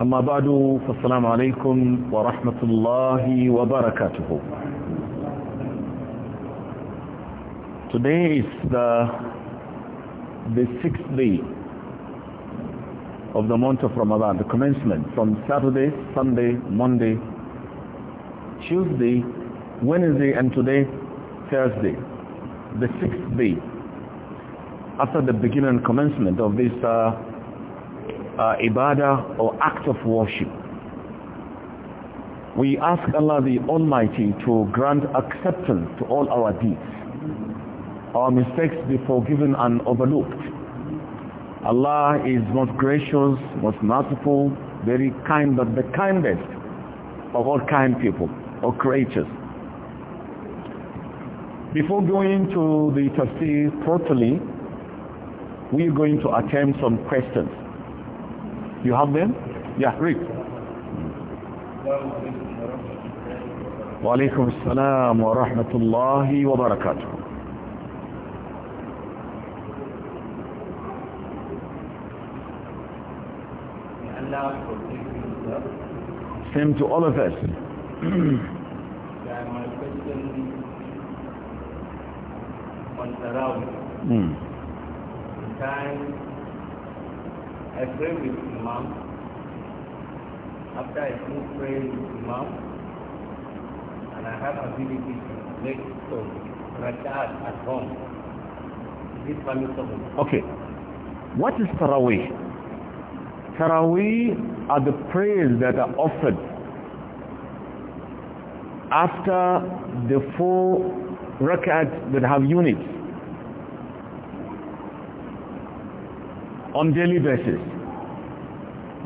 أما بعد فالسلام عليكم ورحمة الله وبركاته Today is the, the sixth day of the month of Ramadan, the commencement from Saturday, Sunday, Monday, Tuesday, Wednesday and today, Thursday, the sixth day after the beginning and commencement of this uh, uh, ibadah or act of worship. We ask Allah the Almighty to grant acceptance to all our deeds. Our mistakes be forgiven and overlooked. Allah is most gracious, most merciful, very kind, but the kindest of all kind people or creatures. Before going to the tafsir properly, we are going to attempt some questions. You have them? Yeah, read. وعليكم السلام ورحمة الله وبركاته Same to all of us. yeah, my question on the Mm. The time I pray with Imam. After I do pray with Imam, and I have ability to make some rakat at home, is it permissible? Okay. What is Taraweeh? Taraweeh are the prayers that are offered after the four rakat that have units. on daily basis.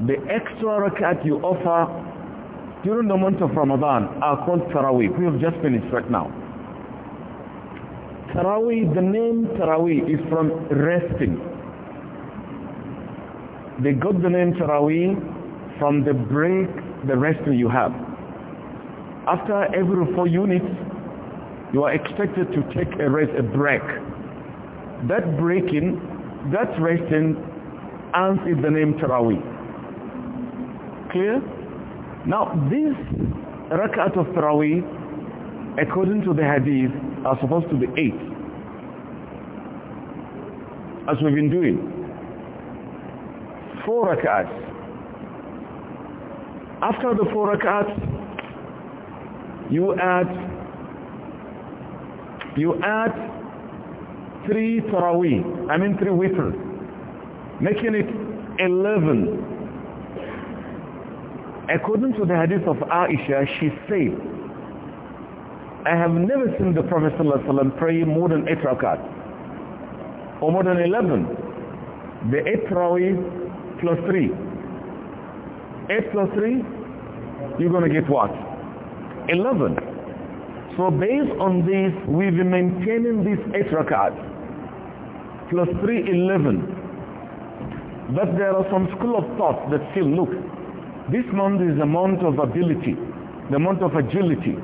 The extra rakat you offer during the month of Ramadan are called Taraweeh. We have just finished right now. Taraweeh, the name Taraweeh is from resting. They got the name Taraweeh from the break, the resting you have. After every four units, you are expected to take a rest, a break. That breaking, that resting and is the name Taraweeh. Clear? Now this rak'at of Taraweeh, according to the hadith, are supposed to be eight. As we've been doing. Four rak'ats. After the four rak'ats, you add you add three Taraweeh. I mean three witr making it 11 According to the hadith of Aisha, she said, I have never seen the Prophet ﷺ pray more than 8 rakat, or more than 11. The 8 rawih plus 3. 8 plus 3, you're going to get what? 11. So based on this, we've been maintaining this 8 rakat, plus 3, 11. But there are some school of thought that still look, this month is the month of ability, the month of agility,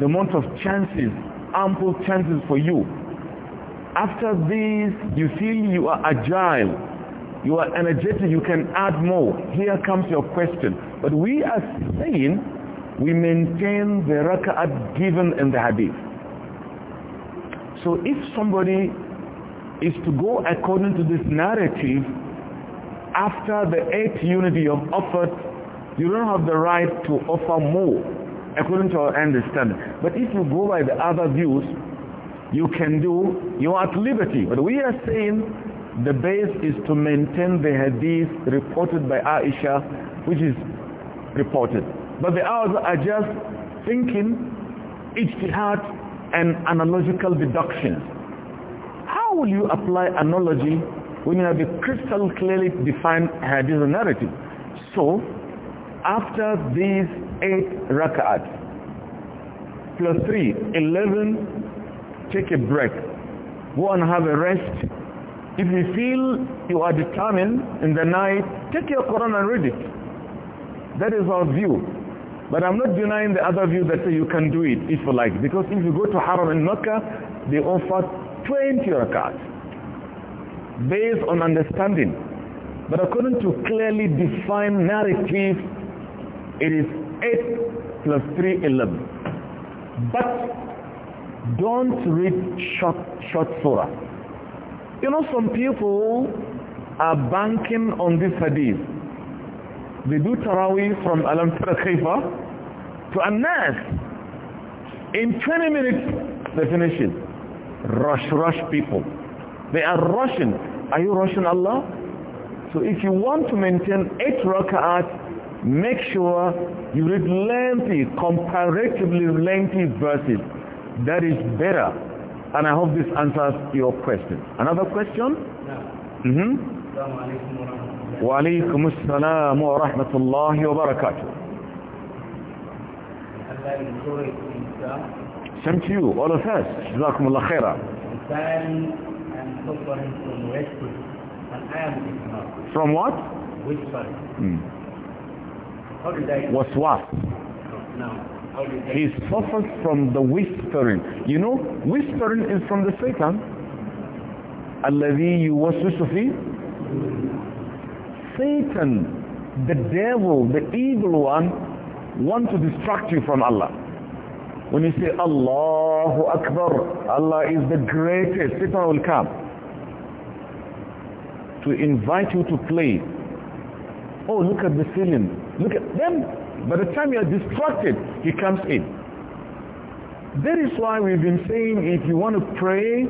the month of chances, ample chances for you. After this, you feel you are agile, you are energetic, you can add more. Here comes your question. But we are saying we maintain the raka'at given in the hadith. So if somebody is to go according to this narrative, after the eighth unity you have offered, you don't have the right to offer more, according to our understanding. But if you go by the other views, you can do, you are at liberty. But we are saying the base is to maintain the hadith reported by Aisha, which is reported. But the others are just thinking, ijtihad, and analogical deductions. How will you apply analogy we may a crystal clearly defined hadith narrative. So, after these eight rak'at, plus three, eleven, take a break. Go and have a rest. If you feel you are determined in the night, take your Quran and read it. That is our view. But I'm not denying the other view that say you can do it if you like. Because if you go to Haram and Mecca, they offer 20 rak'at based on understanding. But according to clearly defined narrative, it is 8 plus 3, 11. But don't read short, short surah. You know, some people are banking on this hadith. They do tarawih from Alam Tara to Anas. In 20 minutes, they finish it. Rush, rush people. They are rushing. Are you rushing Allah? So if you want to maintain eight rak'at, make sure you read lengthy, comparatively lengthy verses. That is better. And I hope this answers your question. Another question? Mm -hmm. Wa alaikum wa rahmatullahi wa barakatuh. Same to you, all of us. Jazakumullah khairah am suffering from whispering, and I am ignorant. From what? Whispering. Hmm. How did I... What's what? No. He suffers from the whispering. You know, whispering is from the Satan. you يُوَسْوِسُ فِي Satan, the devil, the evil one, want to distract you from Allah. When you say Allahu Akbar, Allah is the greatest, people will come to invite you to play. Oh, look at the ceiling. Look at them. By the time you are distracted, he comes in. That is why we've been saying if you want to pray,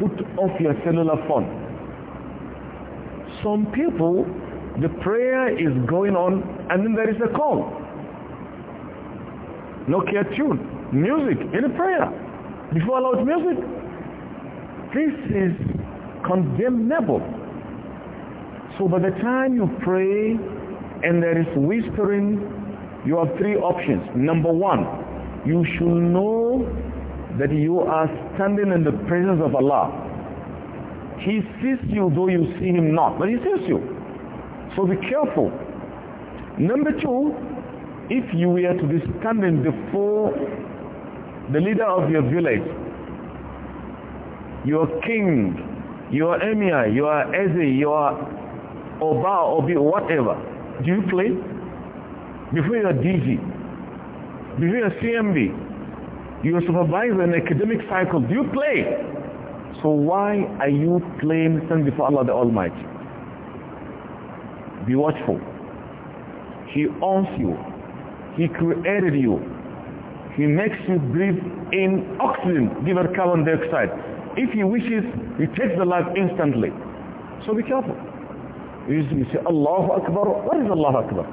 put off your cellular phone. Some people, the prayer is going on and then there is a call. Nokia tune music in a prayer. Before allowed music. This is condemnable. So by the time you pray and there is whispering, you have three options. Number one, you should know that you are standing in the presence of Allah. He sees you though you see him not, but he sees you. So be careful. Number two, if you were to be standing before the leader of your village, your king, your emir, your ezi, your oba, obi, whatever. Do you play? Before your DG, before your CMB, your supervisor in academic cycle, do you play? So why are you playing sin before Allah the Almighty? Be watchful. He owns you. He created you. He makes you breathe in oxygen, give her carbon dioxide. If he wishes, he takes the life instantly. So be careful. You say, Allahu Akbar. What is Allahu Akbar?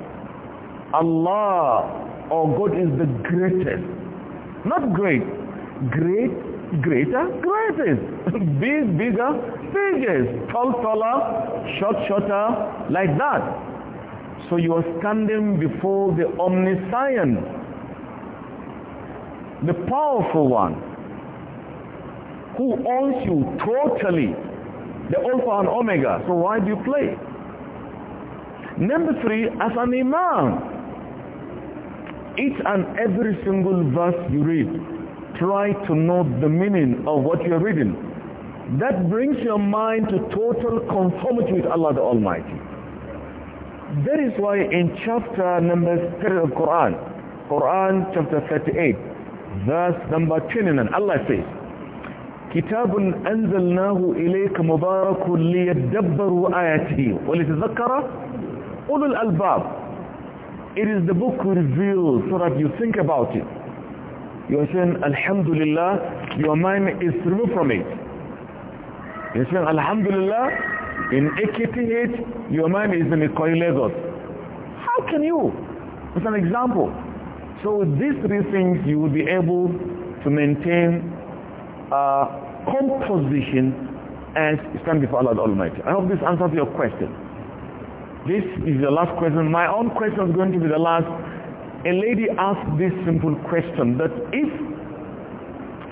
Allah, or oh God, is the greatest. Not great. Great, greater, greatest. Big, bigger, biggest. Tall, taller, short, shorter, like that. So you are standing before the omniscient, the powerful one, who owns you totally, the Alpha and Omega. So why do you play? Number three, as an Imam, each and every single verse you read, try to know the meaning of what you're reading. That brings your mind to total conformity with Allah the Almighty. That is why in chapter number 3 of Quran, Quran chapter 38, verse number 29 Allah says كتاب أنزلناه إليك مبارك ليتدبروا آياته ولتذكر أولو الألباب It is the book revealed so that you think about it. You are saying, Alhamdulillah, your mind is removed from it. You are saying, Alhamdulillah, in AKTH, your mind is in a coilegos How can you? It's an example. So with these three things, you will be able to maintain a composition and stand before Allah the Almighty. I hope this answers your question. This is the last question. My own question is going to be the last. A lady asked this simple question that if,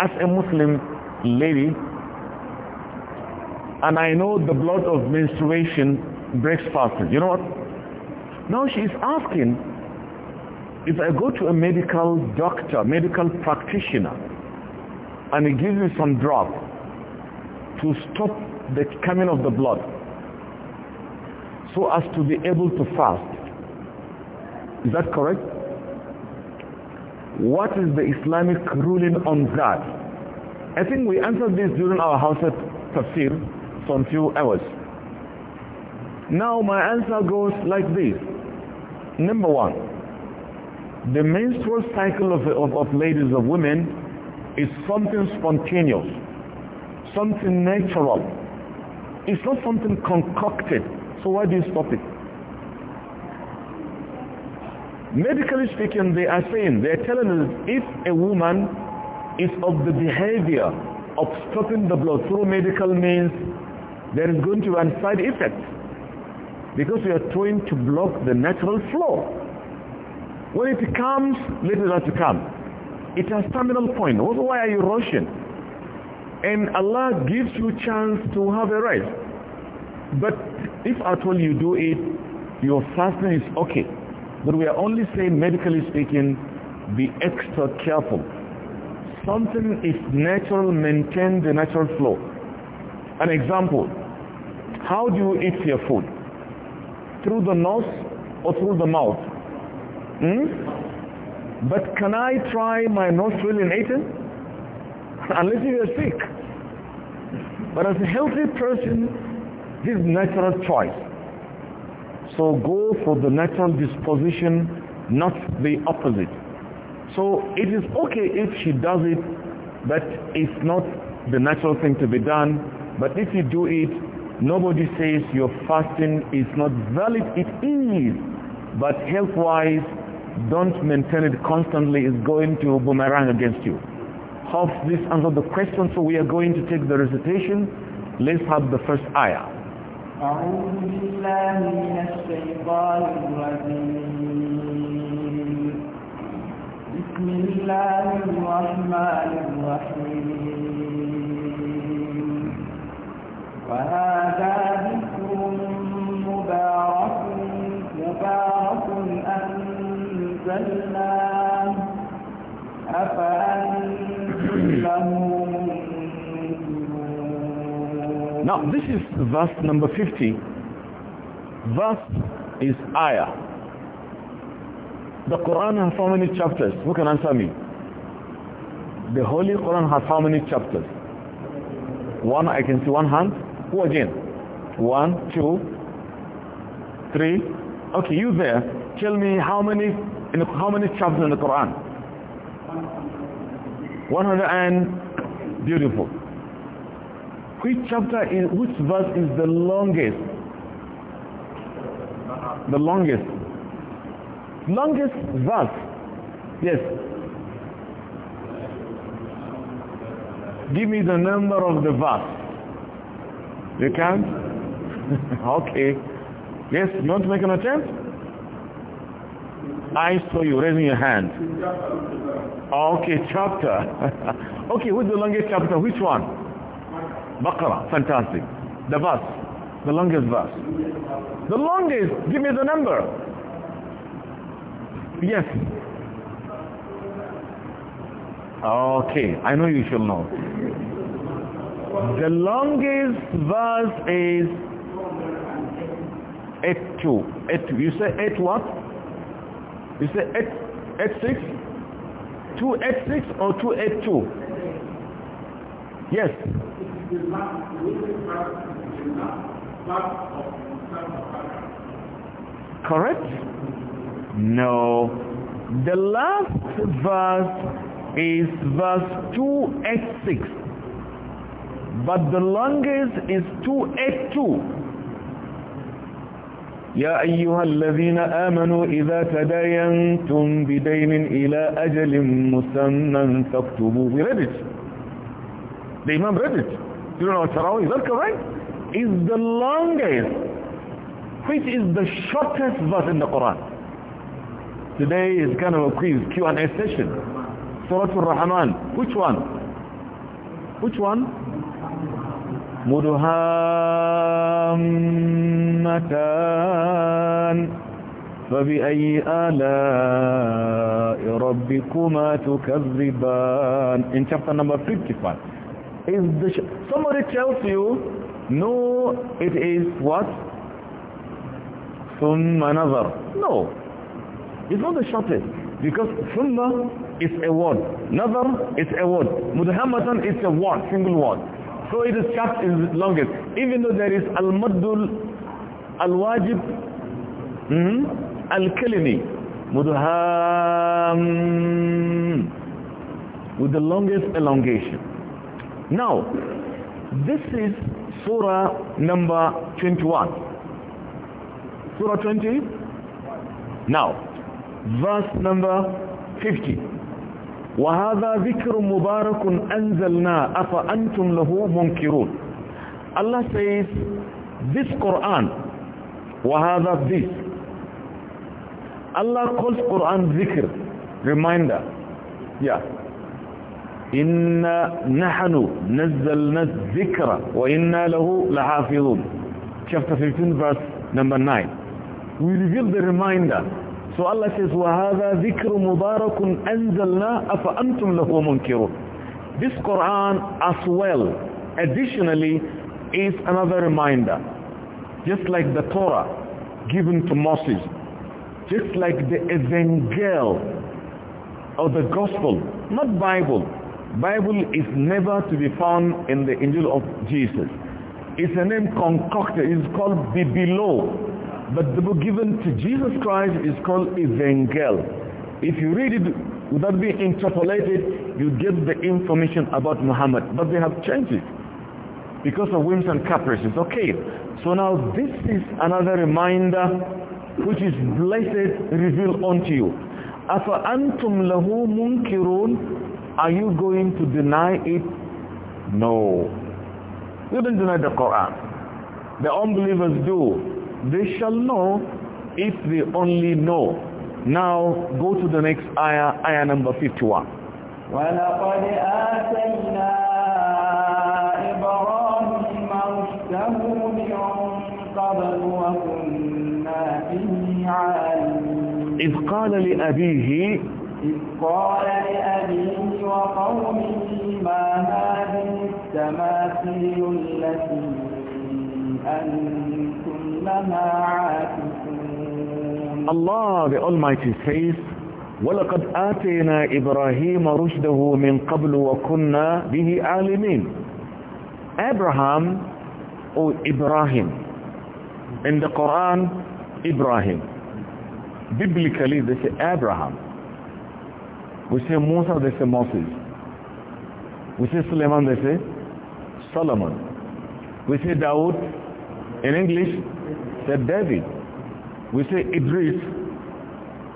as a Muslim lady, and I know the blood of menstruation breaks fasting, you know what? Now she is asking if I go to a medical doctor, medical practitioner, and he gives me some drug to stop the coming of the blood so as to be able to fast, is that correct? What is the Islamic ruling on that? I think we answered this during our house at Tafsir some few hours. Now my answer goes like this. Number one, the menstrual cycle of, of, of ladies, of women, is something spontaneous, something natural. It's not something concocted. So why do you stop it? Medically speaking, they are saying, they are telling us if a woman is of the behavior of stopping the blood through medical means, there is going to be a side effect because we are trying to block the natural flow. When it comes, let it to come. It has terminal point. Why are you rushing? And Allah gives you chance to have a rest. But if at all you do it, your fasting is okay. But we are only saying, medically speaking, be extra careful. Something is natural, maintain the natural flow. An example, how do you eat your food? Through the nose or through the mouth? Hmm? But can I try my nostril in eat Unless you are sick. But as a healthy person, this is natural choice. So go for the natural disposition, not the opposite. So it is okay if she does it, but it's not the natural thing to be done. But if you do it, nobody says your fasting is not valid. It is. But health-wise, don't maintain it constantly is going to boomerang against you. Hope this answers the question. So we are going to take the recitation. Let's have the first ayah. بسم الله الرحمن الرحيم this is verse number 50. Verse is ayah. The Quran has how many chapters? Who can answer me? The Holy Quran has how many chapters? One, I can see one hand. Who again? One, two, three. Okay, you there. Tell me how many in the, how many chapters in the Quran? 100 and beautiful. Which chapter is, which verse is the longest? The longest. Longest verse. Yes. Give me the number of the verse. You can't? okay. Yes, you want to make an attempt? I saw you raising your hand. Okay, chapter. okay, who's the longest chapter? Which one? Baqarah, fantastic. The verse, the longest verse. The longest, give me the number. Yes. Okay, I know you should know. The longest verse is 82. eight, you say 8 what? You say 886? Eight, 286 or 282? Yes part of the Correct? No. The last verse is verse 286. But the longest is 282. يا أيها الذين آمنوا إذا تداينتم بدين إلى أجل مسمى فاكتبوا بريد The Imam read it. You don't know Tarawih, is that correct? Is the longest, which is the shortest verse in the Quran. Today is kind of a quiz, Q&A session. Surah Al-Rahman, which one? Which one? مدهامتان فبأي آلاء ربكما تكذبان in chapter number 55 is the somebody tells you no it is what ثم نظر no it's not the shortest because ثم is a word nazar is a word مدهمة is a word single word so it is short is longest even though there is المد al الكلمي مدهام with the longest elongation now, this is Surah number 21. Surah 20. Now, verse number 50. وهذا ذكر مبارك أنزلنا أفأنتم له منكرون Allah says this Quran وهذا this Allah calls Quran ذكر reminder yeah إنا نحن نزلنا الذكر وإنا له لحافظون chapter 15 verse number 9 we reveal the reminder so Allah says وَهَذَا ذِكْرُ مُبَارَكٌ أَنزَلْنَا أَفَأَنْتُمْ لَهُ مُنْكِرُونَ this Quran as well additionally is another reminder just like the Torah given to Moses just like the evangel or the gospel not Bible Bible is never to be found in the Injil of Jesus. It's a name concocted. It's called the below, But the book given to Jesus Christ is called Evangel. If you read it without being interpolated, you get the information about Muhammad. But they have changed it because of whims and caprices. Okay, so now this is another reminder which is blessed revealed unto you. أَفَأَنْتُمْ لَهُ مُنْكِرُونَ are you going to deny it? No. You don't deny the Quran. The unbelievers do. They shall know if they only know. Now go to the next ayah, ayah number 51. ولقد آتينا إبراهيم رشده من وكنا به عالمين إذ قال لأبيه إذ قال لأبيه وقومه ما هذه التماثيل التي أنتم لها عاكفون الله the Almighty says ولقد آتينا إبراهيم رشده من قبل وكنا به عالمين Abraham or Ibrahim in the Quran Ibrahim biblically they say Abraham We say Musa, they say Moses. We say Suleiman, they say Solomon. We say Dawood, in English, they say David. We say Idris,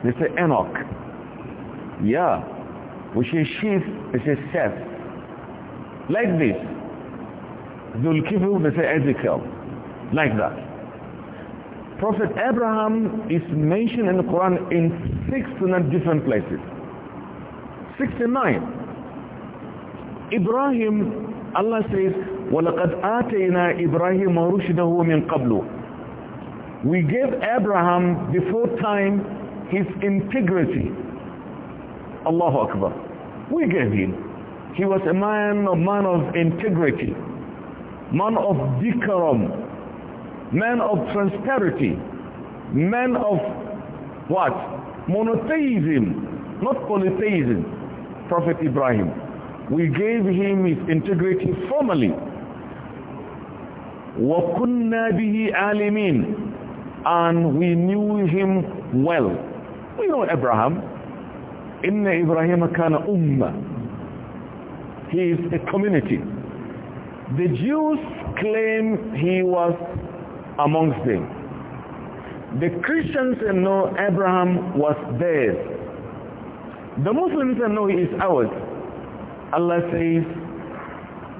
they say Enoch. Yeah. We say Sheath, they say Seth. Like this. Zulkifil, they say Ezekiel. Like that. Prophet Abraham is mentioned in the Quran in 600 different places. 69 Ibrahim Allah says We gave Abraham before time his integrity Allahu Akbar we gave him he was a man of man of integrity man of decorum man of transparency man of what monotheism not polytheism Prophet Ibrahim. We gave him his integrity formally. وَكُنَّا بِهِ alimin, And we knew him well. We know Abraham. إِنَّ إِبْرَاهِيمَ كَانَ أُمَّةً He is a community. The Jews claim he was amongst them. The Christians know Abraham was theirs The Muslims are know he is ours. Allah says,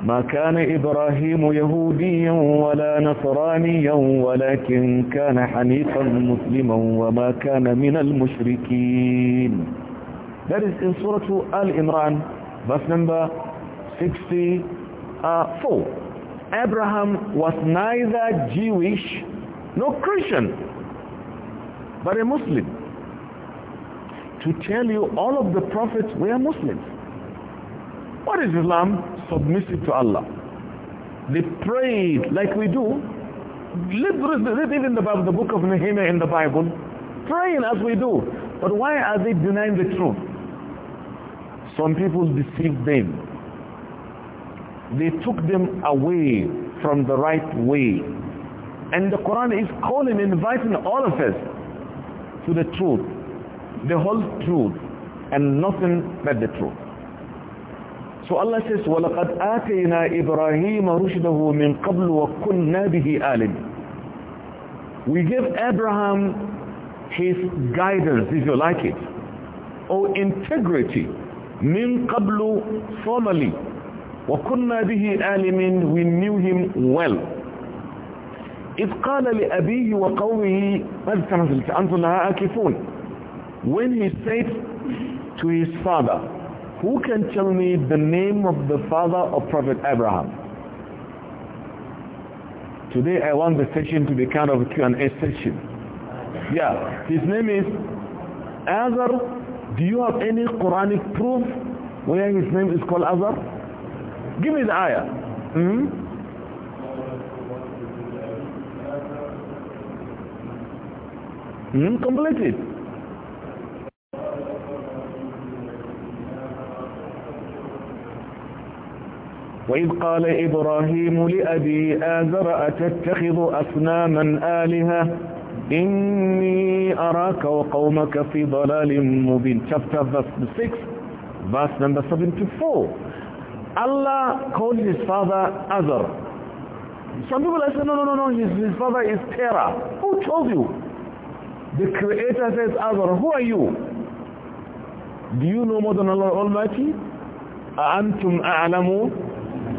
ما كان إبراهيم يهوديا ولا نصرانيا ولكن كان حنيفا مسلما وما كان من المشركين That is in Surah Al-Imran verse number 64 Abraham was neither Jewish nor Christian but a Muslim to tell you all of the prophets were Muslims. What is Islam? Submissive to Allah. They prayed like we do. Read, read even the, Bible, the book of Nehemiah in the Bible. Praying as we do. But why are they denying the truth? Some people deceived them. They took them away from the right way. And the Quran is calling, inviting all of us to the truth the whole truth and nothing but the truth. So Allah says, وَلَقَدْ آتَيْنَا إِبْرَاهِيمَ رُشْدَهُ مِنْ قَبْلُ وَكُنَّا بِهِ آلِمٍ We give Abraham his guidance, if you like it, or integrity, مِنْ قَبْلُ formally, وَكُنَّا بِهِ آلِمٍ We knew him well. إِذْ قَالَ لِأَبِيهِ وَقَوْمِهِ مَذْ تَنْزِلْتَ أَنْتُ لَهَا آكِفُونَ when he said to his father, who can tell me the name of the father of Prophet Abraham? Today I want the session to be kind of Q&A session. Yeah, his name is Azar. Do you have any Quranic proof where his name is called Azar? Give me the ayah. Mm -hmm. Mm, complete it. وإذ قال إبراهيم لأبي آذر أتتخذ أصناما آلهة إني أراك وقومك في ضلال مبين chapter verse 6 verse number 74 Allah called his father Azar some people are saying no no no no his, his father is Terah who told you the creator says Azar who are you do you know more than Allah Almighty أأنتم أعلمون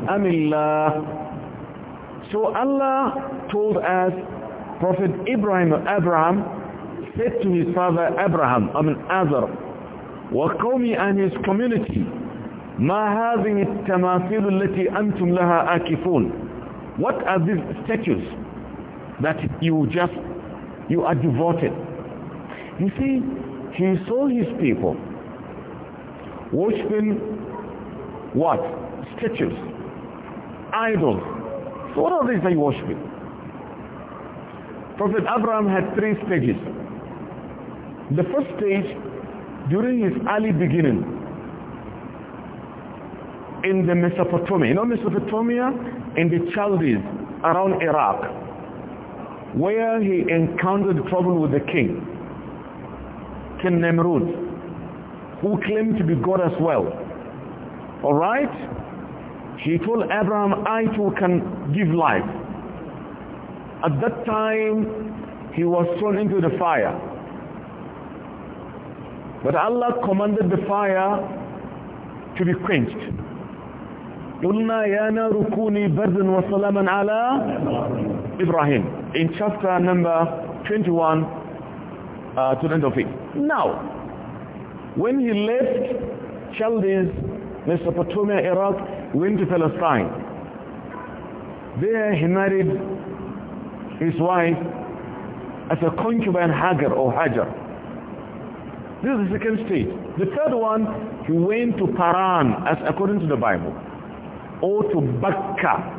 amillah. So Allah told us, Prophet Ibrahim, Abraham, said to his father Abraham, I mean Azar, وقومي and his community, ما هذه التماثيل التي أنتم لها آكفون What are these statues that you just, you are devoted? You see, he saw his people worshipping what? Statues idols. So what are these they worship? Prophet Abraham had three stages. The first stage, during his early beginning, in the Mesopotamia, you know Mesopotamia? In the Chaldees, around Iraq, where he encountered trouble with the king, King Nimrod, who claimed to be God as well. Alright? He told Abraham, I too can give life. At that time, he was thrown into the fire. But Allah commanded the fire to be quenched. قلنا يا نار كوني بردا وسلاما على Ibrahim in chapter number 21 uh, to the end of it. Now, when he left Chaldees, Mesopotamia, Iraq, went to Palestine. There he married his wife as a concubine Hagar or Hajar. This is the second stage. The third one, he went to Paran as according to the Bible or to Bakka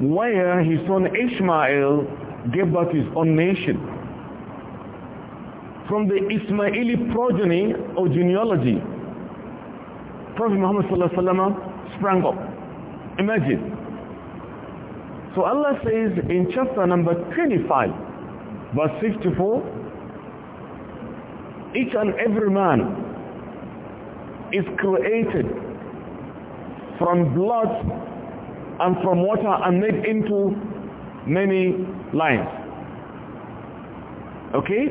where his son Ishmael gave birth to his own nation. From the Ismaili progeny or genealogy, Prophet Muhammad sallallahu alaihi wasallam sprang up. Imagine. So Allah says in chapter number 25, verse 54, each and every man is created from blood and from water and made into many lines. Okay?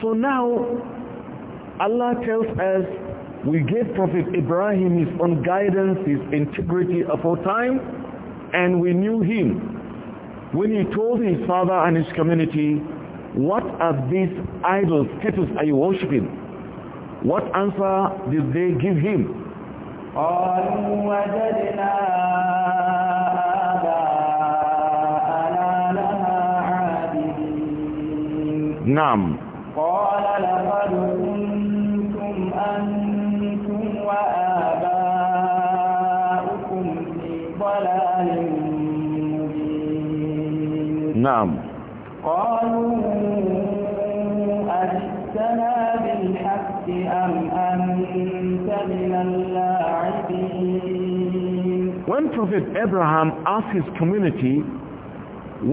So now Allah tells us we gave Prophet Ibrahim his own guidance, his integrity aforetime, and we knew him. When he told his father and his community, what are these idols, statues are you worshipping? What answer did they give him? Nam. نعم قالوا أجتنا بالحق أم أنت من min when prophet abraham asked his community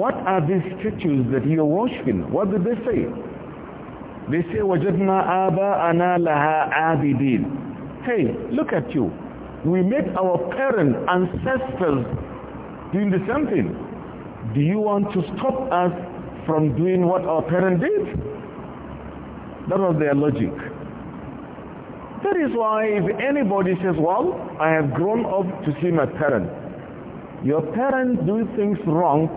what are these statues that you are worshiping what did they say they say وَجَدْنَا آبَاءَنَا لَهَا abidin hey look at you we met our parents ancestors doing the same thing do you want to stop us from doing what our parents did? That was their logic. That is why if anybody says, well, I have grown up to see my parents. Your parents do things wrong.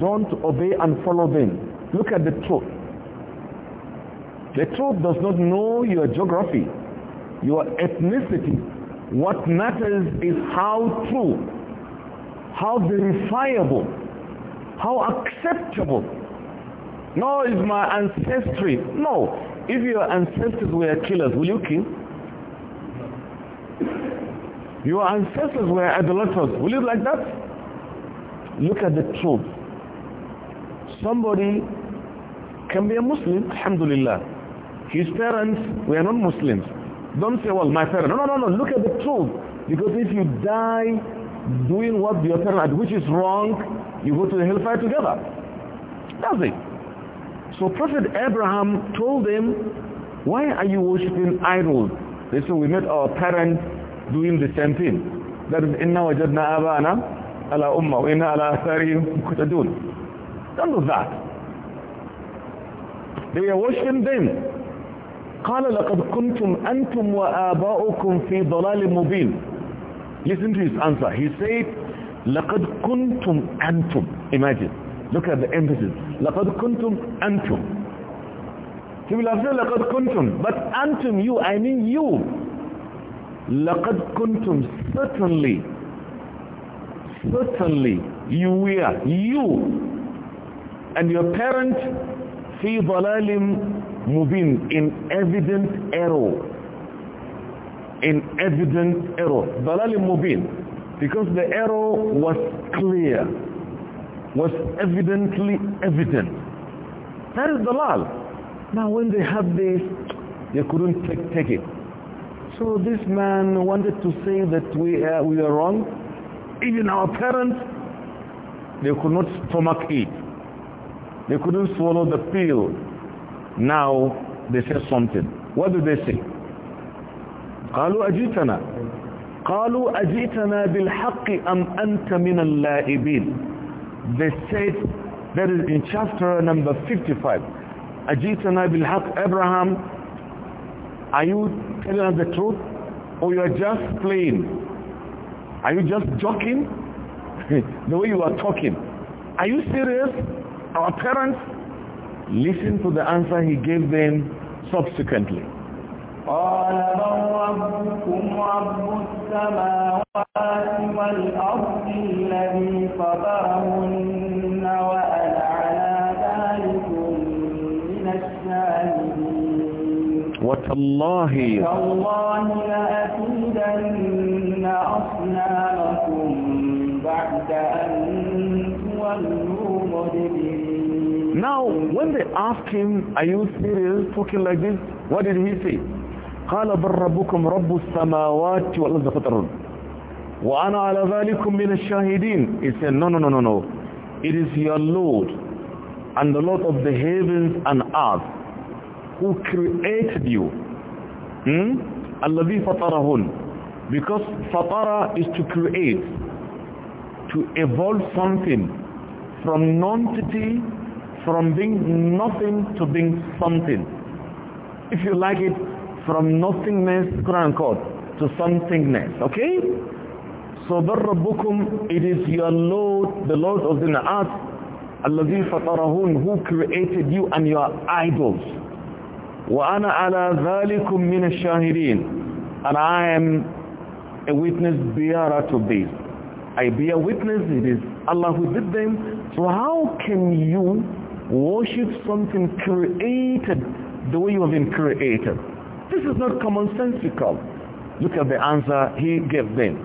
Don't obey and follow them. Look at the truth. The truth does not know your geography, your ethnicity. What matters is how true, how verifiable how acceptable. No, is my ancestry. No. If your ancestors were killers, will you kill? Your ancestors were idolaters. Will you like that? Look at the truth. Somebody can be a Muslim, alhamdulillah. His parents were not Muslims. Don't say, well, my parents. No, no, no, no. Look at the truth. Because if you die doing what your parent, which is wrong, you go to the hellfire together. That's it. So Prophet Abraham told them, why are you worshipping idols? They said, we met our parents doing the same thing. That is, abana ala umma عَلَىٰ أُمَّةِ ala عَلَىٰ أَثَارِهِمْ مُقْتَدُونَ Don't do that. They are worshipping them. قال لقد كنتم أنتم وآباؤكم في ضلال مبين Listen to his answer. He said, لَقَدْ كُنْتُمْ أَنْتُمْ Imagine. Look at the emphasis. لَقَدْ كُنْتُمْ أَنْتُمْ He will have said لَقَدْ كُنْتُمْ But أَنْتُمْ you, I mean you. لَقَدْ كُنْتُمْ Certainly. Certainly. You were. You. And your parent في balalim مبين in evident error in evident error. Dalal mubin. Because the error was clear, was evidently evident. That is Dalal. Now when they had this, they couldn't take, take it. So this man wanted to say that we are, uh, we are wrong. Even our parents, they could not stomach it. They couldn't swallow the pill. Now they say something. What do they say? قالوا أجئتنا قالوا أجئتنا بالحق أم أنت من they said that is in chapter number 55 أجئتنا بالحق Abraham are you telling us the truth or you are just playing are you just joking the way you are talking are you serious our parents listen to the answer he gave them subsequently قال من ربكم رب السماوات والأرض الذي فطرهن وأنا على ذلك من الشاهدين وتالله وتالله لأكيدن أصنامكم بعد أن تولوا مدبرين Now, when they asked him, are you serious talking like this? What did he say? قال بل ربكم رب السماوات والأرض فطرون وأنا على ذلك من الشاهدين he said no no no no no it is your Lord and the Lord of the heavens and earth who created you hmm? الذي hmm? فطرهن because fatara is to create to evolve something from nonentity from being nothing to being something if you like it from nothingness, Quran code, to somethingness. Okay? So Barrabukum, it is your Lord, the Lord of the Na'at, الذي فطرهن, who created you and your idols. وَأَنَا عَلَى ذَلِكُم مِّنَ الشَّاهِدِينَ And I am a witness bearer to this. I bear witness, it is Allah who did them. So how can you worship something created the way you have been created? This is not commonsensical. Look at the answer he gave them.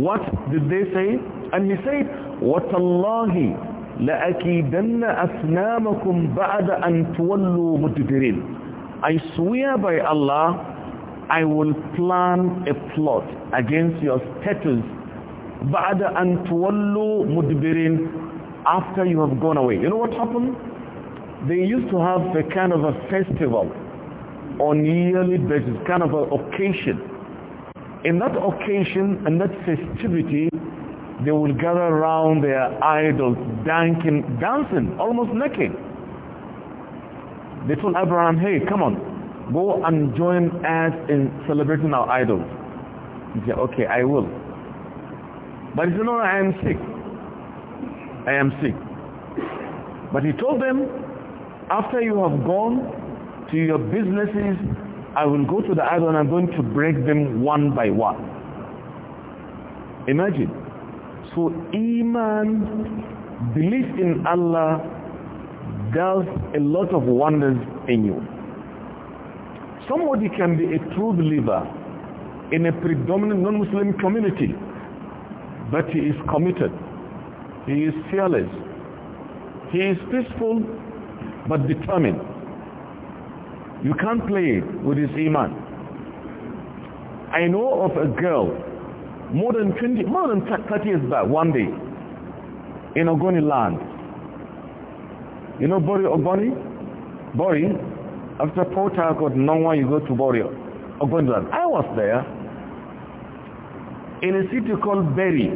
What did they say? And he said, وَتَاللَّهِ لَأَكِيدَنَّ أَسْنَامَكُمْ بَعْدَ أَن تُوَلُّوا مُدْبِرِينَ I swear by Allah, I will plan a plot against your status بعد أن تولوا مدبرين after you have gone away. You know what happened? They used to have a kind of a festival on yearly basis, kind of an occasion. In that occasion and that festivity, they will gather around their idols, dancing, dancing, almost naked. They told Abraham, hey, come on, go and join us in celebrating our idols. He said, okay, I will. But he said, no, I am sick. I am sick. But he told them, after you have gone, to your businesses, I will go to the island. and I'm going to break them one by one. Imagine. So Iman, belief in Allah, does a lot of wonders in you. Somebody can be a true believer in a predominant non-Muslim community, but he is committed. He is fearless. He is peaceful, but determined. You can't play with his iman. I know of a girl, more than 20, more than 30 years back, one day, in Ogoni land. You know Bori Ogoni? Bori, after Port Harcourt, one you go to Bori Ogoni land. I was there, in a city called Berry.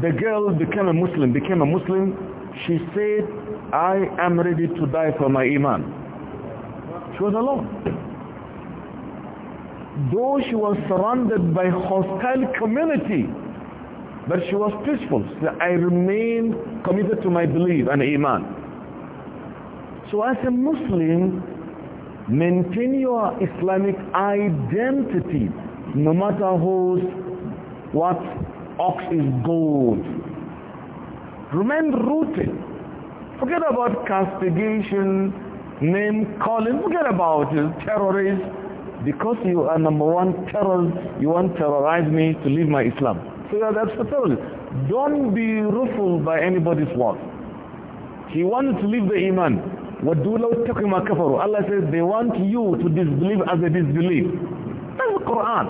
The girl became a Muslim, became a Muslim. She said, I am ready to die for my iman. She was alone. Though she was surrounded by hostile community, but she was peaceful. So I remained committed to my belief and Iman. So as a Muslim, maintain your Islamic identity no matter who, what ox is gold. Remain rooted. Forget about castigation, name calling, forget about it, terrorist, because you are number one terrorist, you want to terrorize me to leave my Islam. So yeah, that's the terrorist. Don't be ruffled by anybody's words. He wanted to leave the Iman. وَدُّوا لَوْ تَقِمَا كَفَرُوا Allah says they want you to disbelieve as they disbelieve. That's the Quran.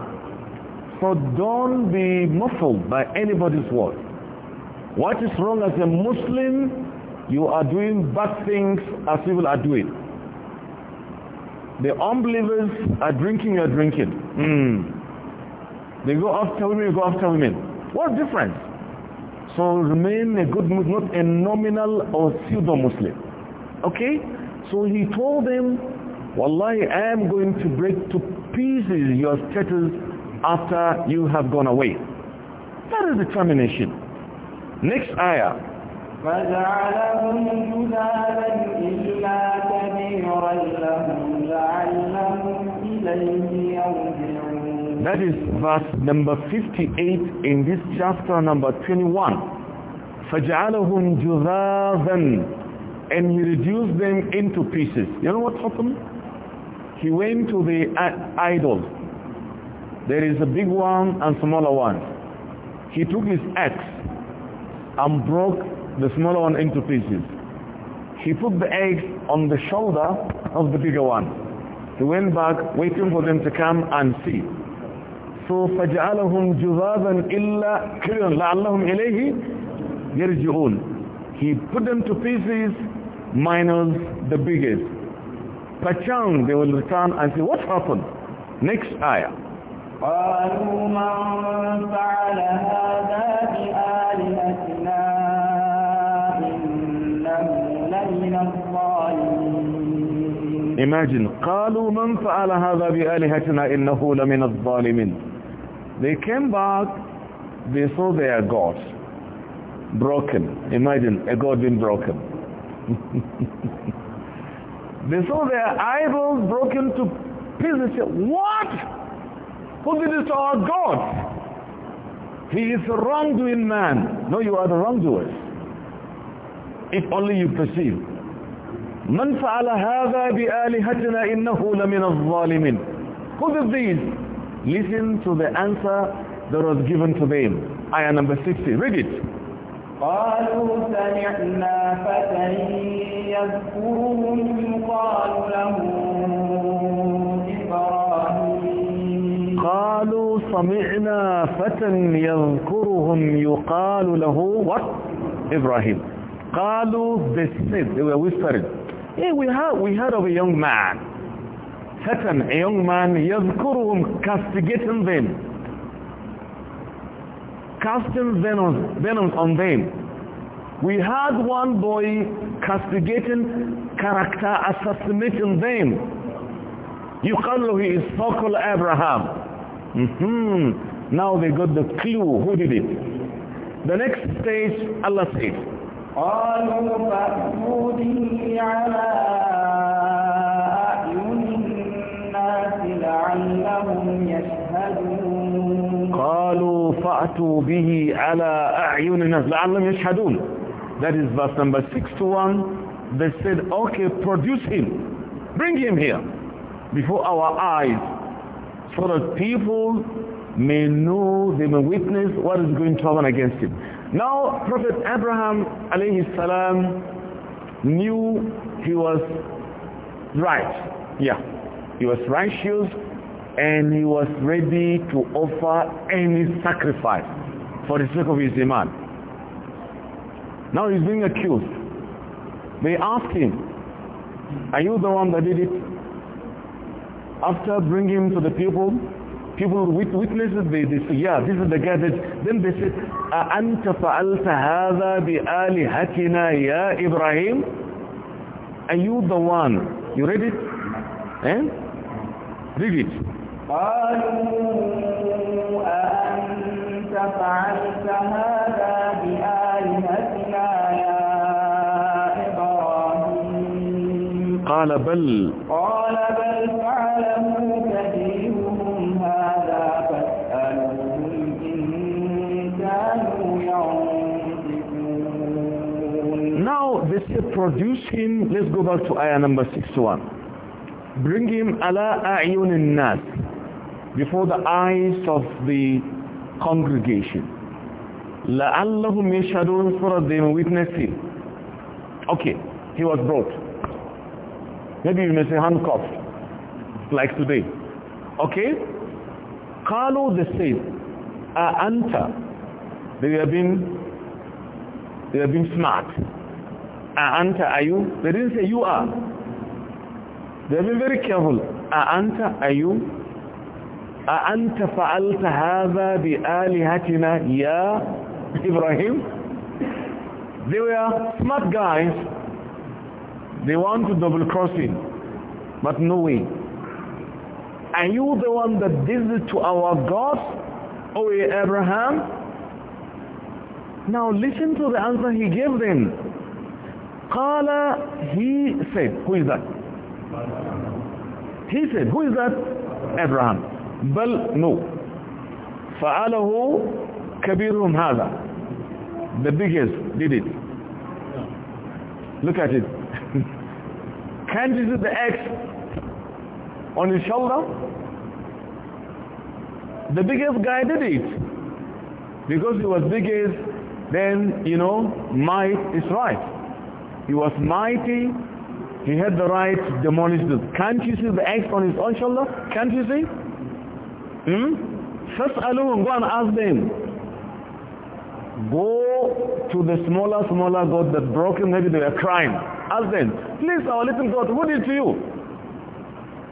So don't be muffled by anybody's word. What is wrong as a Muslim you are doing bad things as people are doing. The unbelievers are drinking, you are drinking. Mm. They go after women, you go after women. What difference? So remain a good, Muslim, not a nominal or pseudo-Muslim. Okay? So he told them, Wallahi, I am going to break to pieces your status after you have gone away. That is determination. Next ayah. فجعلهم جذابا إلا كبيرا لهم لعلهم إليه يرجعون That is verse number 58 in this chapter number 21. فَجَعَلَهُمْ جُذَاذًا And he reduced them into pieces. You know what happened? He went to the idols. There is a big one and smaller one. He took his axe and broke the smaller one into pieces. He put the eggs on the shoulder of the bigger one. He went back waiting for them to come and see. So فَجَعَلَهُمْ جُذَاذًا إِلَّا كِرِيًا لَعَلَّهُمْ إِلَيْهِ يَرْجِعُونَ He put them to pieces minus the biggest. Perchance they will return and say, what happened? Next ayah. قالوا من فعل هذا Imagine قالوا من فعل هذا بآلهتنا إنه لمن الظالمين They came back they saw their God broken imagine a God being broken they saw their idols broken to pieces what who did this to our God he is a wrongdoing man. No, you are the wrongdoers. If only you perceive. من فعل هذا بآلهتنا إنه لمن الظالمين Who did this? Listen to the answer that was given to them. Ayah number 60. Read it. قالوا سمعنا فتى يذكرهم يقال له إبراهيم قالوا سمعنا فتى يذكرهم يقال له what? إبراهيم قالوا they said they were whispering Yeah, we heard, we heard of a young man, Satan, a young man, يذكرهم, castigating them, casting venom venom on them. We had one boy castigating character, assassinating them. يقال له he is Sokol Abraham. Mm -hmm. Now they got the clue who did it. The next stage, Allah says, قالوا فأتوا به على أعين الناس لعلهم يشهدون قالوا فأتوا به على أعين الناس لعلهم يشهدون That is verse number 61. They said, okay, produce him. Bring him here before our eyes so that people may know, they may witness what is going to happen against him. Now, Prophet Abraham alayhi salam knew he was right. Yeah, he was righteous and he was ready to offer any sacrifice for the sake of his demand. Now he's being accused. They asked him, are you the one that did it? After bringing him to the people, people witnesses they, they say yeah this is the guy that then they said أأنت فعلت هذا بآلهتنا يا إبراهيم are you the one you read it eh? read it قالوا أأنت فعلت هذا بآلهتنا يا إبراهيم قال بل قال بل فعل produce him, let's go back to ayah number 61. Bring him ala a'yunin nas, before the eyes of the congregation. La يَشْهَدُونَ for that witnessing. witness him. Okay, he was brought. Maybe you may say handcuffed, like today. Okay? Carlo the said, anta They have been, they have been smart. A'anta, are you? They didn't say you are. They've been very careful. A'anta, are you? أأنت فعلت هذا بآلهتنا ya Ibrahim? They were smart guys. They want to double cross him. But no way. Are you the one that did it to our God, O Abraham? Now listen to the answer he gave them. Qala, he said, who is that? He said, who is that? Abraham. Bal, no. Fa'alahu kabirhum hadha. The biggest did it. Look at it. Can't you see the axe on his shoulder? The biggest guy did it. Because he was biggest, then, you know, might is right. He was mighty. He had the right to demolish this. Can't you see the axe on his own shoulder? Can't you see? Hmm? First alone, go and ask them. Go to the smaller, smaller God that broke maybe they are crying. Ask them, please our little God, what did to you?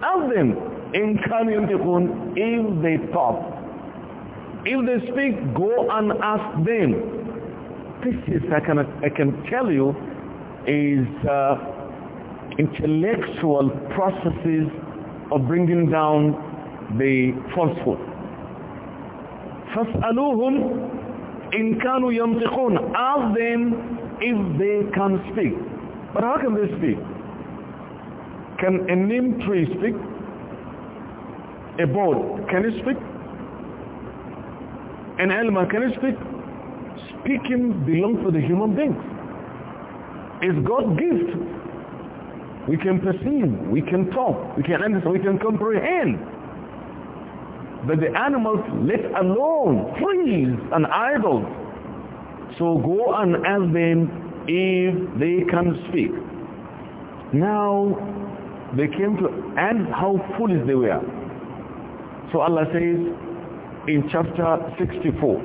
Ask them, in Kanyuntikun, if they talk, if they speak, go and ask them. This is, I can, I can tell you, is uh, intellectual processes of bringing down the falsehood. فَاسْأَلُوهُمْ إِن كَانُوا يَمْتِقُونَ Ask them if they can speak. But how can they speak? Can a neem tree speak? A bird, can it speak? An animal, can it speak? Speaking belongs to the human beings. It's God's gift. We can perceive, we can talk, we can understand, we can comprehend. But the animals, let alone trees and idols. So go and ask them if they can speak. Now, they came to, and how foolish they were. So Allah says in chapter 64,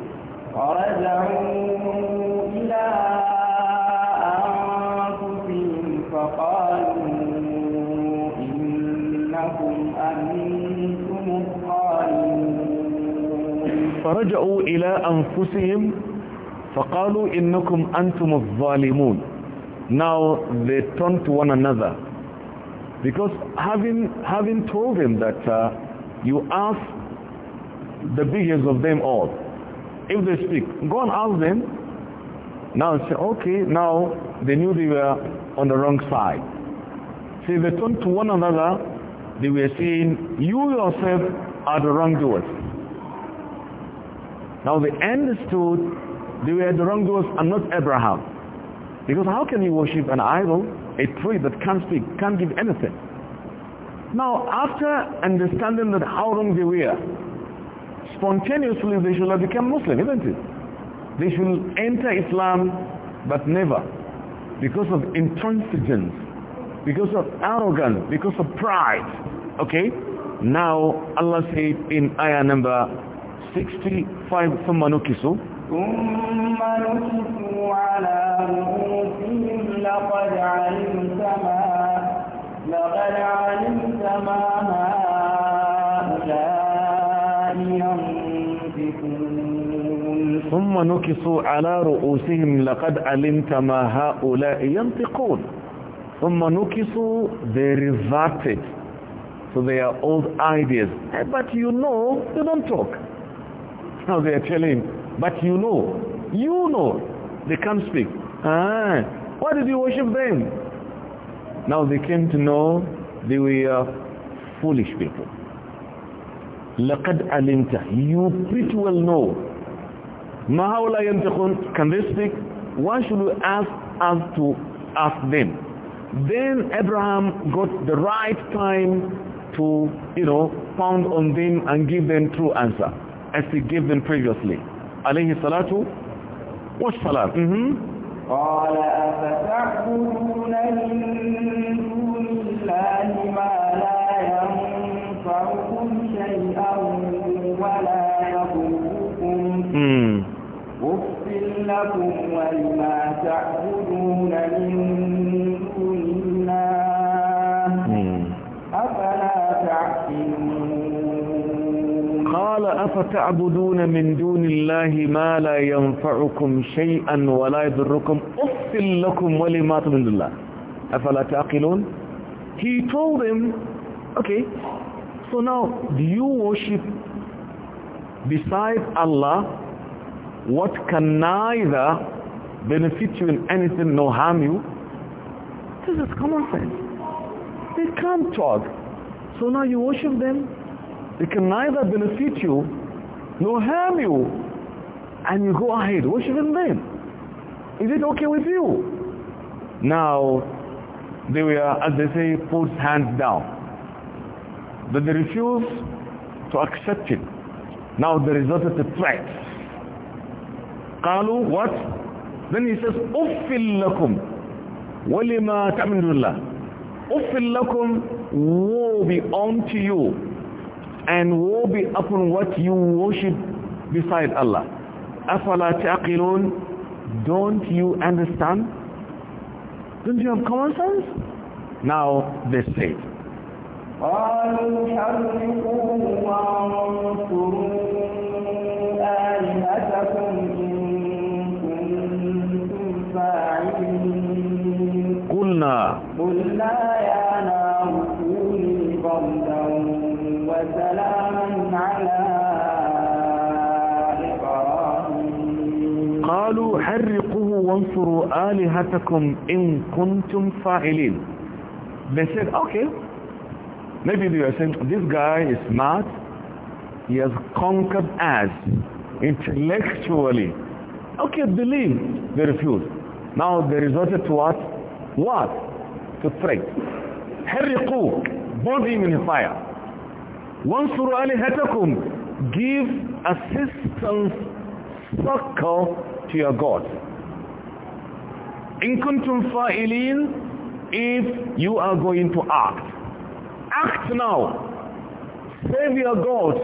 فرجعوا إلى أنفسهم فقالوا إنكم أنتم الظالمون Now they turn to one another because having having told them that uh, you ask the biggest of them all if they speak go and ask them now say okay now they knew they were on the wrong side. See, they turned to one another, they were saying, you yourself are the wrongdoers. Now they understood they were the wrongdoers and not Abraham. Because how can you worship an idol, a tree that can't speak, can't give anything? Now, after understanding that how wrong they were, spontaneously they should have become Muslim, isn't it? They should enter Islam, but never because of intransigence, because of arrogance, because of pride. Okay? Now Allah said in ayah number 65, ثُمَّ نُكِسُوا ثُمَّ نُكِسُوا عَلَى رُؤُوسِهِمْ لَقَدْ عَلِمْتَ مَا لَقَدْ عَلِمْتَ مَا ثم نكسوا على رؤوسهم لقد علمت ما هؤلاء ينطقون ثم نكسوا they reverted so they are old ideas but you know they don't talk now they are telling but you know you know they can't speak ah, why did you worship them now they came to know they were foolish people لقد علمت you pretty well know can they speak? Why should we ask us to ask them? Then Abraham got the right time to, you know, pound on them and give them true answer as he gave them previously. Alayhi salatu wa salam. Mm-hmm. Mm -hmm. لكم ولما تعبدون من دون الله أفلا تعقلون قال أفتعبدون من دون الله ما لا ينفعكم شيئا ولا يضركم أفل لكم ولما تعبدون الله أفلا تعقلون He told him, okay, so now do you worship beside Allah what can neither benefit you in anything nor harm you. This is common sense. They can't talk. So now you worship them. They can neither benefit you nor harm you. And you go ahead worshiping them. Is it okay with you? Now, they were, as they say, put hands down. But they refused to accept it. Now there resulted a threat what? Then he says أفل wali ma تعملون الله أفل woe be unto you and woe be upon what you worship beside Allah أفلا تعقلون Don't you understand? Don't you have common sense? Now they say قلنا قلنا يا نار كوني بردا وسلاما على إبراهيم قالوا حرقوه وانصروا آلهتكم إن كنتم فاعلين They said, okay, maybe they are saying, this guy is smart, he has conquered us intellectually. Okay, believe. They refused. Now they resorted to what? What? To pray. trade. Burn him in fire. وانصروا آلهتكم give assistance succor to your God. In kuntum fa'ilin, if you are going to act, act now. Save your God.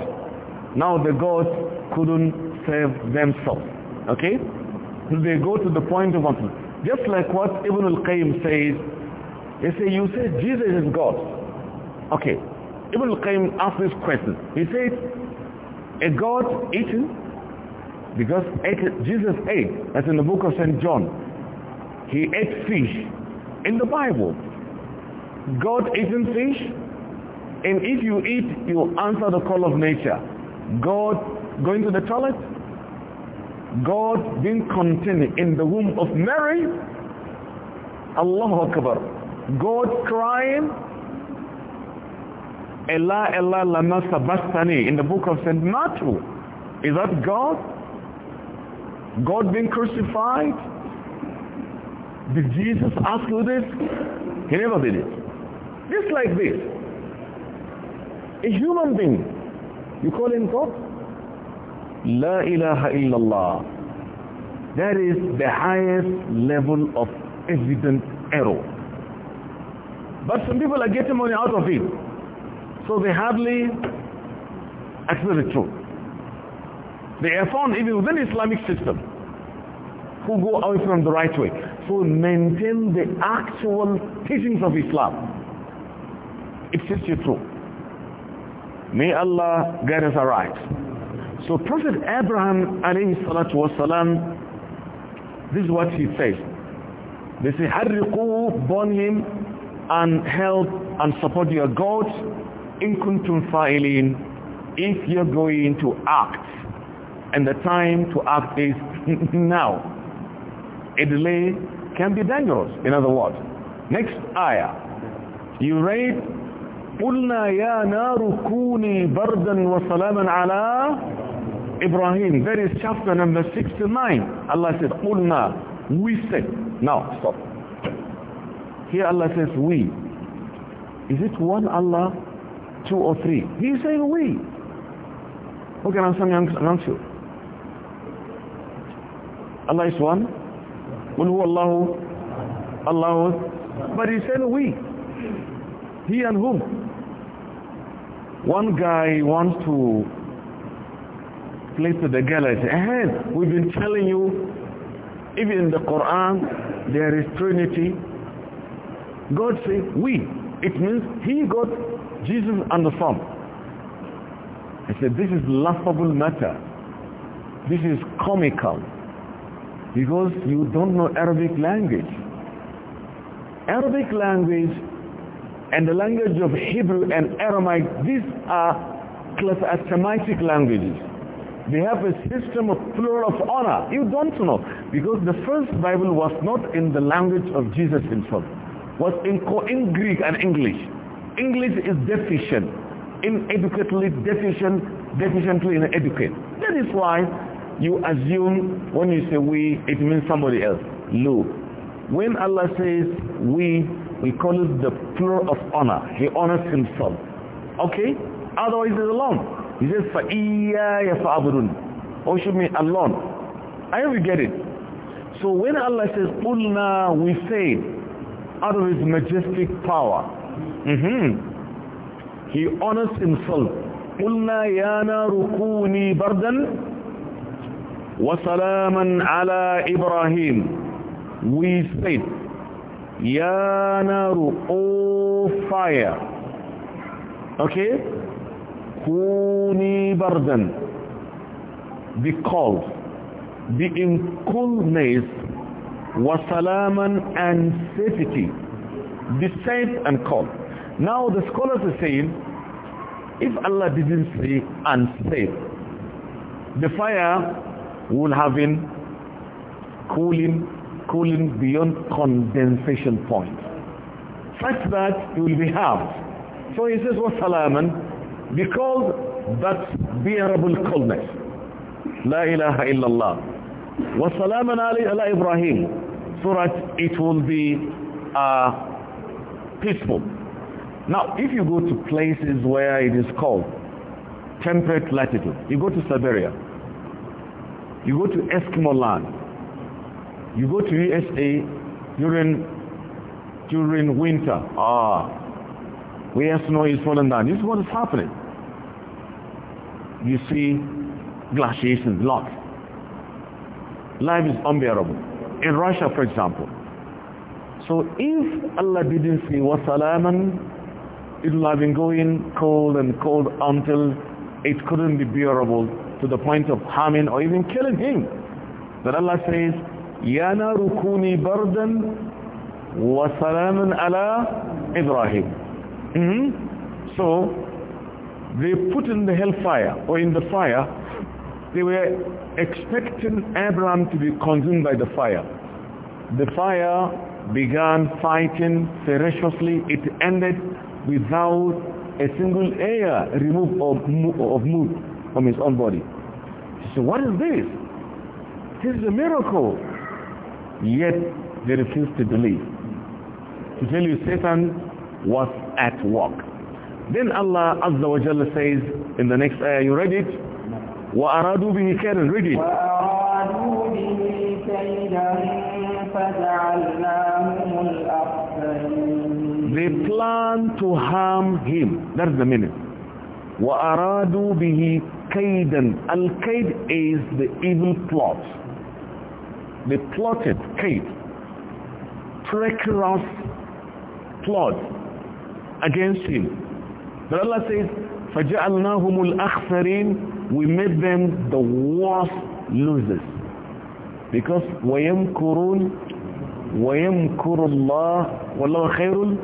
Now the God couldn't save themselves. Okay? They go to the point of just like what Ibn al-Qayyim says, he say, you say Jesus is God. Okay, Ibn al-Qayyim asked this question. He said, a God eaten? Because ate, Jesus ate, as in the book of St. John. He ate fish in the Bible. God eaten fish? And if you eat, you answer the call of nature. God going to the toilet? God being contained in the womb of Mary, Allah Akbar, God crying, Ella Ella Lama Sabastani in the book of St. Matthew. Is that God? God being crucified? Did Jesus ask you this? He never did it. Just like this. A human being. You call him God? La ilaha illallah. That is the highest level of evident error. But some people are getting money out of it. So they hardly accept the truth. They are found even within Islamic system who go away from the right way. So maintain the actual teachings of Islam. It just you through. May Allah guide us aright. So Prophet Abraham alayhi salatu wasalam, this is what he says. They say, Harriqu, burn him and help and support your God in kuntum fa'ilin if you're going to act. And the time to act is now. A delay can be dangerous, in other words. Next ayah. You read, قُلْنَا يَا نَارُ كُونِي بَرْدًا وَسَلَامًا عَلَىٰ Ibrahim, that is chapter number 69. Allah said, Qulna, we said. Now, stop. Here Allah says we. Is it one Allah, two or three? He's saying we. Who can answer me amongst you? Allah is one. Qul huwa Allahu. Allah. But he said we. He and whom? One guy wants to Play to the girl and say, hey, we've been telling you, even in the Quran, there is Trinity. God says, we. It means he, God, Jesus, and the Son. I said, this is laughable matter. This is comical. Because you don't know Arabic language. Arabic language and the language of Hebrew and Aramaic, these are class Semitic languages. They have a system of plural of honor. You don't know. Because the first Bible was not in the language of Jesus himself. Was in, in Greek and English. English is deficient. Inadequately deficient, deficiently inadequate. That is why you assume when you say we, it means somebody else. No. When Allah says we, we call it the plural of honor. He honors himself. Okay? Otherwise it's alone. He says, فَإِيَّا يَفَعْبُدُونَ Worship oh, me alone. I will get it. So when Allah says, قُلْنَا We say," out of His majestic power, mm -hmm. He honors Himself. قُلْنَا يَا نَارُ كُونِي بَرْدًا وسلاما على إبراهيم we said يا نار oh fire okay kuni بردا be cold be in coolness wa and safety be safe and calm now the scholars are saying if Allah didn't say and safe the fire will have been cooling cooling beyond condensation point such that it will be halved so he says wa salaman be called that bearable coldness. La ilaha illallah. Wa salaman ala Ibrahim. So that it will be uh, peaceful. Now, if you go to places where it is cold, temperate latitude, you go to Siberia, you go to Eskimo land, you go to USA during during winter, ah, where snow is falling down. This is what is happening you see glaciations, lots. Life is unbearable. In Russia, for example. So if Allah didn't say, وَسَلَامًا It would have been going cold and cold until it couldn't be bearable to the point of harming or even killing him. But Allah says, "Yana rukuni burden, بَرْدًا وَسَلَامًا Ibrahim." mm -hmm. So they put in the hellfire or in the fire, they were expecting Abraham to be consumed by the fire. The fire began fighting ferociously. It ended without a single hair removed of, of mood from his own body. So what is this? This is a miracle. Yet they refused to believe. To tell you, Satan was at work. Then Allah Azza wa Jalla says in the next ayah, you read it? وَأَرَادُوا بِهِ كَيْدًا Read it. They plan to harm him. That's the meaning. وَأَرَادُوا بِهِ كَيْدًا Al-Kaid is the evil plot. They plotted, Kaid, treacherous plot against him But Allah says, فَجَعَلْنَاهُمُ الْأَخْسَرِينَ We made them the worst losers. Because وَيَمْكُرُونَ وَيَمْكُرُ اللَّهُ وَاللَّهُ خَيْرُ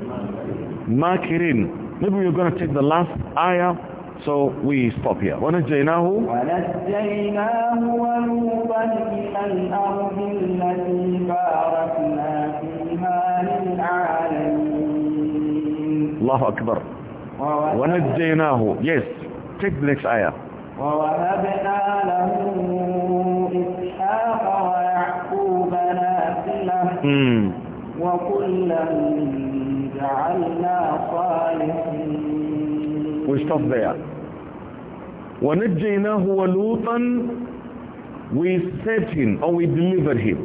الْمَاكِرِينَ Maybe we're going to take the last ayah So we stop here. ونجيناه ونجيناه ولوطا إلى الأرض التي باركنا فيها للعالمين الله أكبر ونجيناه يس take the next ayah ووهبنا له إسحاق ويعقوب نافلة وكلا جعلنا صالحين We stop there ونجيناه ولوطا we saved him or we delivered him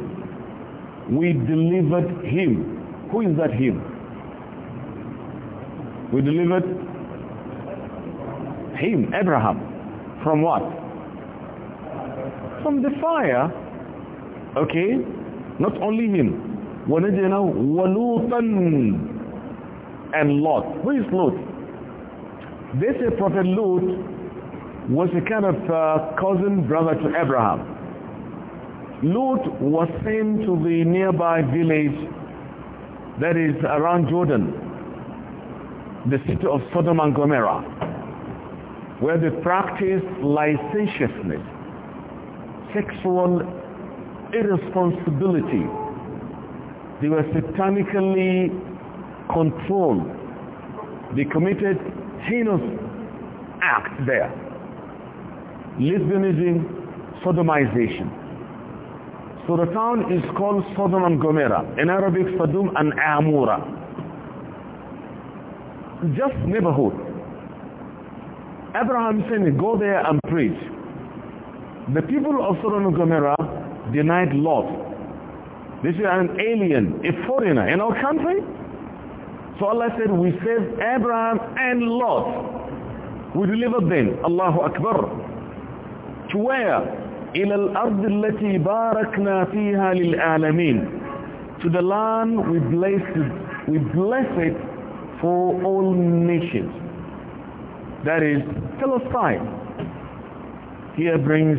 we delivered him who is that him we delivered Him, Abraham. From what? From the fire. Okay? Not only him. ونجينا ولوطا and Lot. Who is Lot? They say Prophet Lot was a kind of uh, cousin brother to Abraham. Lot was sent to the nearby village that is around Jordan, the city of Sodom and Gomorrah where they practice licentiousness, sexual irresponsibility. They were satanically controlled. They committed heinous acts there. Lesbianism, sodomization. So the town is called Sodom and Gomorrah. In Arabic, Sodom and Amura. Just neighborhood Abraham said, go there and preach. The people of Sodom and Gomorrah denied Lot. This is an alien, a foreigner in our country. So Allah said, we saved Abraham and Lot. We delivered them. Allahu Akbar. To where? إلى الأرض التي باركنا فيها للعالمين to the land we blessed, we blessed for all nations that is Palestine. Here brings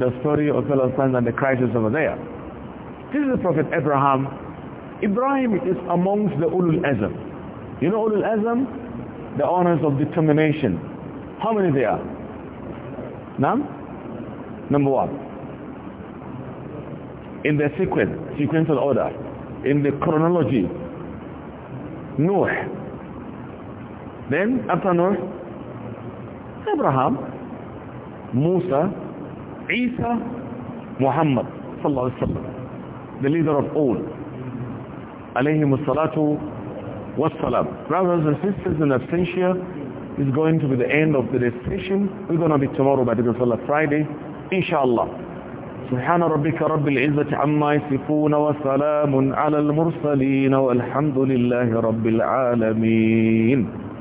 the story of Palestine and the crisis over there. This is the Prophet Abraham. Ibrahim is amongst the Ulul Azam. You know Ulul Azam? The honors of determination. How many there are? None? Number one. In the sequence, sequential order, in the chronology, Noah. Then after Noah, ابراهام موسى عيسى محمد صلى الله عليه وسلم the leader of all عليهم الصلاة والسلام brothers and sisters in absentia is going to be the end of the discussion we're going to be tomorrow by the end of Salah Friday inshallah سبحان ربك رب العزة عما يصفون وسلام على المرسلين والحمد لله رب العالمين